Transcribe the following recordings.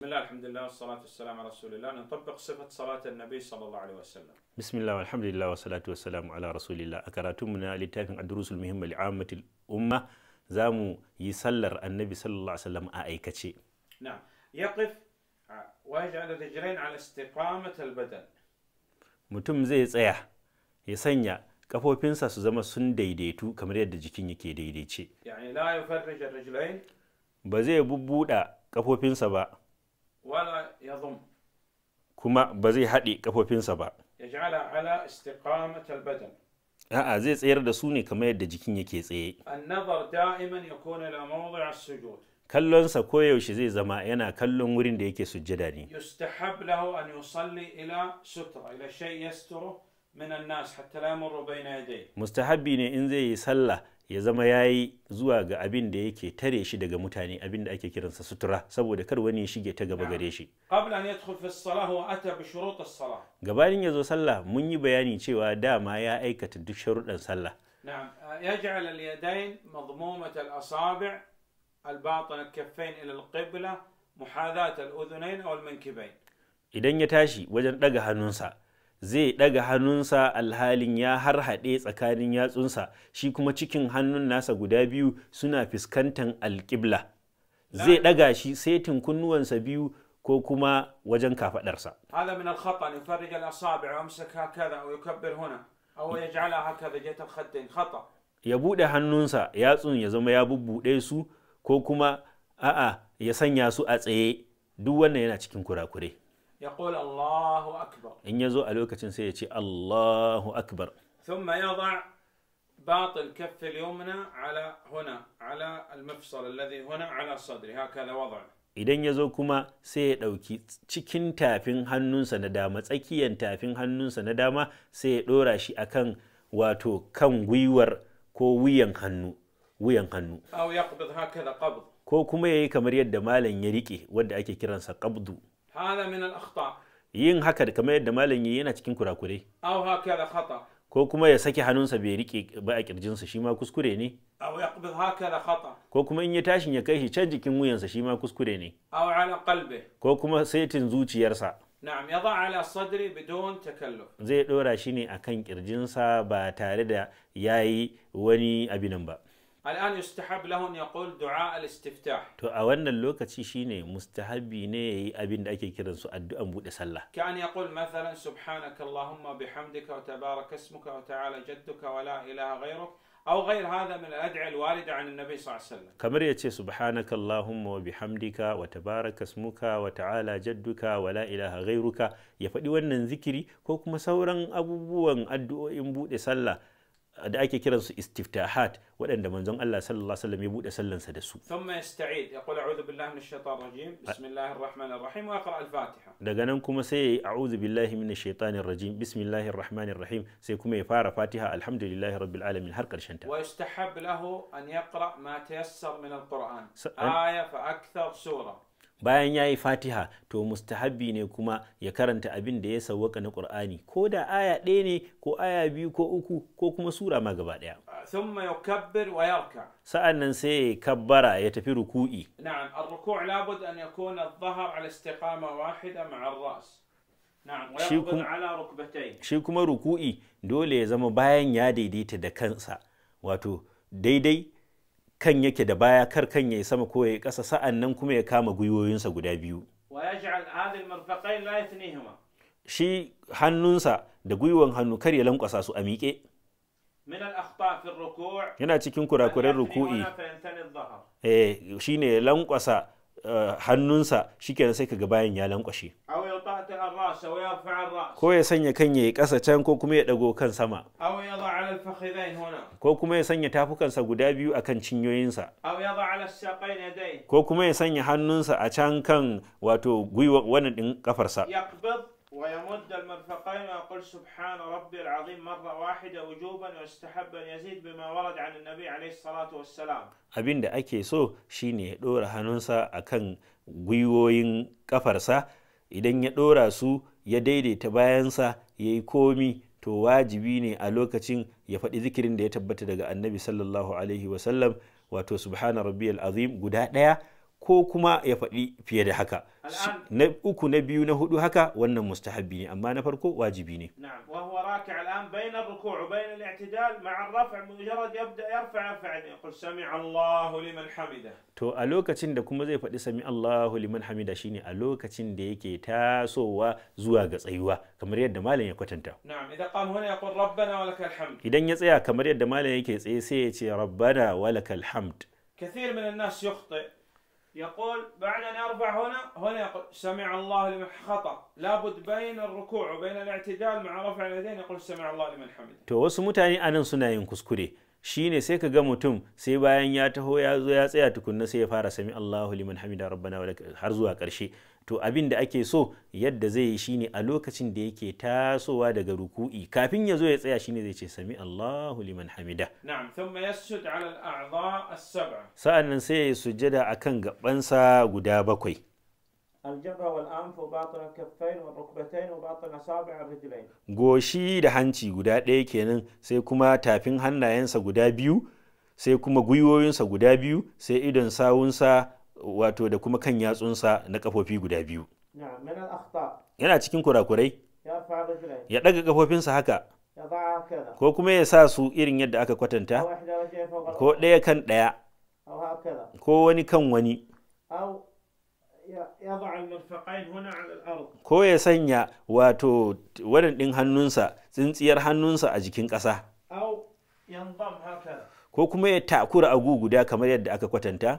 بسم الله الحمد لله والصلاة والسلام على رسول الله نطبق صفة صلاة النبي صلى الله عليه وسلم بسم الله والحمد لله والصلاة والسلام على رسول الله أكراتمنا لتافن الدروس المهمة لعامة الأمة زامو يسلر النبي صلى الله عليه وسلم أأيكتشي نعم يقف ويجعل الرجلين على استقامة البدن mutum zai tsaya ya sanya kafofinsa su zama sun daidaitu kamar yadda jikin yake daidaice. ba zai bubbuɗa kafofinsa ba wala yadhum kuma ba zai haɗe kafofinsa ba yaj'ala ala istiqamat badan a'a zai tsayar da su ne kamar yadda jikin yake tsaye an-nazar da'iman yakunu ila mawdi' as-sujud kallonsa koyaushe zai zama yana kallon wurin da yake sujjada ne yustahab lahu an yusalli ila sutra ila shay yasturu min an-nas hatta la yamurru bayna yadayhi mustahabbi ne in zai yi sallah ya zama ya yi zuwa ga abin da yake tare shi daga mutane abin da ake kiransa sutura saboda kar wani ya shige ta gaba gare shi gabanin ya zo sallah mun yi bayani cewa dama ya aikata duk sharuɗan sallah نعم يجعل اليدين مضمومة الأصابع الباطنة الكفين إلى القبلة محاذاة الأذنين أو المنكبين إذا يتاشي وجن دقها zai ɗaga hannunsa alhalin ya harhaɗe tsakanin yatsunsa shi kuma cikin hannun nasa guda biyu suna fuskantar alƙibla zai ɗaga shi setin kunnuwansa biyu ko kuma wajen kafaɗarsa. amsa da haka da ya buɗe hannunsa yatsun ya zama ya bubbuɗe su ko kuma a'a ya sanya su a tsaye duk wannan yana cikin kurakure. يقول الله أكبر إن يزو ألوكة سيأتي الله أكبر ثم يضع باطل كف اليمنى على هنا على المفصل الذي هنا على الصدر هكذا وضع idan ya zo kuma sai ya ɗauki cikin tafin hannunsa na dama tsakiyar tafin hannunsa na dama sai ya ɗora shi a kan wato kan gwiwar ko wuyan hannu wuyan hannu ko kuma ya yi kamar yadda malam ya riƙe wadda ake kiransa ƙabdu hada min al yin haka da kamar yadda malam yi yana cikin kurakurai aw haka khata ko kuma ya saki hannunsa bai rike ba a kirjinsa shi ma kuskure ne aw yaqbid haka khata ko kuma in ya tashin ya kai shi can jikin wuyansa shi ma kuskure ne aw ala qalbi ko kuma saitin zuciyarsa na'am yada ala sadri bidon takalluf zai dora shi ne akan kirjinsa ba tare da yayi wani abinan ba الآن يستحب له أن يقول دعاء الاستفتاح to a wannan lokaci shine mustahabi ne yayi abin da ake kiran su addu'an bude sallah كان يقول مثلا سبحانك اللهم بحمدك وتبارك اسمك وتعالى جدك ولا إله غيرك أو غير هذا من الأدعية الواردة عن النبي صلى الله عليه وسلم كما يتي سبحانك اللهم وبحمدك وتبارك اسمك وتعالى جدك ولا إله غيرك يفدي wannan zikiri ko kuma sauran abubuwan addu'o'in bude sallah da ake kiran su istiftahat waɗanda manzon Allah sallallahu alaihi wasallam ya bude sallansa da su thumma yasta'id yaqul a'udhu billahi minash shaitanir rajim bismillahir rahmanir rahim wa yaqra al-fatiha daga nan kuma sai a'udhu billahi minash shaitanir rajim bismillahir rahmanir rahim sai kuma ya fara fatiha alhamdulillahi rabbil alamin har karshen ta wa yastahab lahu an yaqra ma tayassar min al-quran aya fa akthar sura bayan ya yi fatiha to mustahabbi ne kuma ya karanta abin da ya sauwaka na qur'ani ko da aya ɗaya ne ko aya biyu ko uku ko kuma sura ma gaba ɗaya thumma yukabbir wa yarka nan sai ya kabbara ya tafi ruku'i na'am ar-ruku' labud an yakuna adh-dhahr ala istiqama wahida ma'a shi kuma ruku'i dole ya zama bayan ya daidaita da kansa wato daidai kan yake da baya kar kan ya sama ko ya ƙasa sa'an nan kuma ya kama gwiwoyinsa guda biyu shi hannunsa da gwiwon hannu kar ya lankwasa su a miƙe yana cikin kurakuren ruku'i eh shine lankwasa eh, hannunsa shi kenan sai ka ga bayan ya lankwashe ko ya sanya kan ya yi ƙasa can ko kuma ya ɗago kan sama ko kuma ya sanya tafukansa guda biyu a kan cinyoyinsa ko kuma ya sanya hannunsa a can kan wato gwiwa wani ɗin ƙafarsa ويمد المرفقين ويقول سبحان ربي العظيم مرة واحدة وجوبا يزيد بما ورد عن النبي عليه الصلاة والسلام abin da ake so shine ya ɗora hannunsa kan gwiwoyin ƙafarsa idan ya ɗora su ya daidaita bayansa ya yi komi to wajibi ne a lokacin ya faɗi zikirin da ya tabbata daga annabi sallallahu alaihi wasallam wato subhana rabbiyal azim guda ɗaya ko kuma ya faɗi fiye da haka na uku na biyu na hudu haka wannan mustahabbi ne amma na farko wajibi ne to a lokacin da kuma zai faɗi sami Allahu liman hamida shine a lokacin da yake tasowa zuwa ga tsayuwa kamar yadda malam ya kwatanta idan ya tsaya kamar yadda malam yake tsaye sai ya ce rabbana walakal hamd كثير من الناس يخطئ يقول بعد ان يرفع هنا هنا يقول سمع الله لمن خطا لابد بين الركوع وبين الاعتدال مع رفع اليدين يقول سمع الله لمن حمده تو وسو متاني انن سنا ين كسكوري شيني سي كغا متوم سي بايان يا تهو يا زو يا تسيا تكون سي فارا سمع الله لمن حمده ربنا ولك هر زوا قرشي to abin da ake so yadda zai yi shine a lokacin da yake tasowa daga ruku'i kafin ya zo ya tsaya shine zai ce sami Allahu liman hamida na'am thumma yasjud 'ala al-a'dha as-sab'a sa'annan sai ya sujjada akan gabansa guda bakwai wa al-kaffayn wa rukbatayn wa والركبتين وباطن ar-rijlayn goshi da hanci guda ɗaya kenan sai kuma tafin hannayensa guda biyu sai kuma gwiwoyinsa guda biyu sai idon sawunsa wato da kuma kan yatsunsa na kafofi guda biyu yana cikin kurakurai ya ɗaga kafofinsa haka ko kuma ya sa su irin yadda aka kwatanta ko ɗaya kan ɗaya ko wani kan wani ko ya sanya wato wadan ɗin hannunsa tsintsiyar hannunsa a jikin ƙasa ko kuma ya takura agu guda kamar yadda aka kwatanta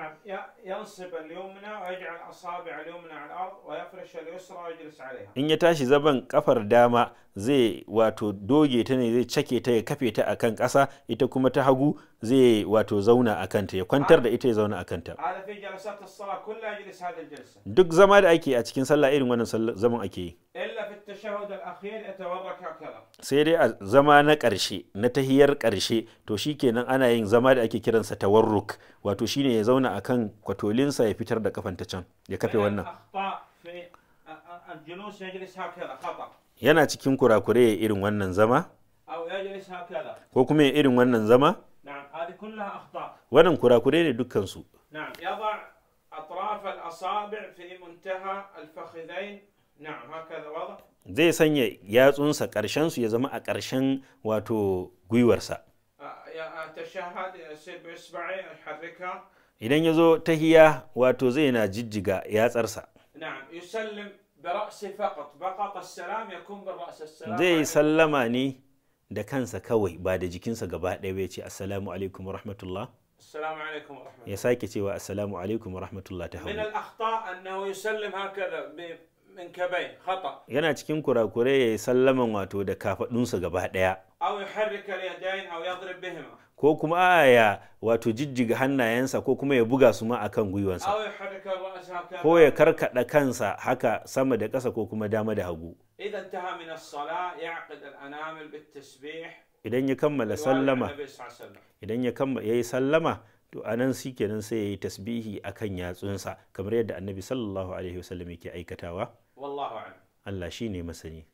نعم ينصب اليمنى ويجعل أصابع اليمنى على الأرض zai doge ta ne zai cake ta ya kafe ta akan kasa ita kuma ta hagu zai zauna a kanta ya kwantar da ita ya zauna a kanta duk zama da ake a cikin sallah irin wannan zaman ake yi sai dai a zama na ƙarshe na tahiyar ƙarshe to shi kenan ana yin zama da ake kiransa tawarruk wato shine ya zauna kan kwatolinsa ya fitar da kafanta can ya kafe wannan yana cikin kurakure ya irin wannan zama ko kuma ya irin wannan zama wannan kurakure ne dukkansu zai sanya yatsunsa ƙarshen su ya zama a ƙarshen wato gwiwarsa eh, idan ya zo tahiya wato zai na jijjiga yatsarsa zai sallama ne da kansa kawai ba da jikinsa gaba ɗaya bai ce assalamu alaikum wa rahmatullah ya sake cewa assalamu alaikum wa rahmatullah ta hau yana cikin kurakure ya yi sallaman wato da kafaɗunsa gaba ɗaya ko kuma aya wato jijjiga hannayensa ko kuma ya buga su ma akan gwiwansa ko ya karkaɗa kansa haka sama da ƙasa ko kuma dama da hagu idan ya kammala sallama idan ya kammala yayi sallama to anan sike nan sai ya yi tasbihi akan yatsunsa kamar yadda annabi sallallahu alaihi wasallam yake aikatawa wallahu a'lam Allah shine masani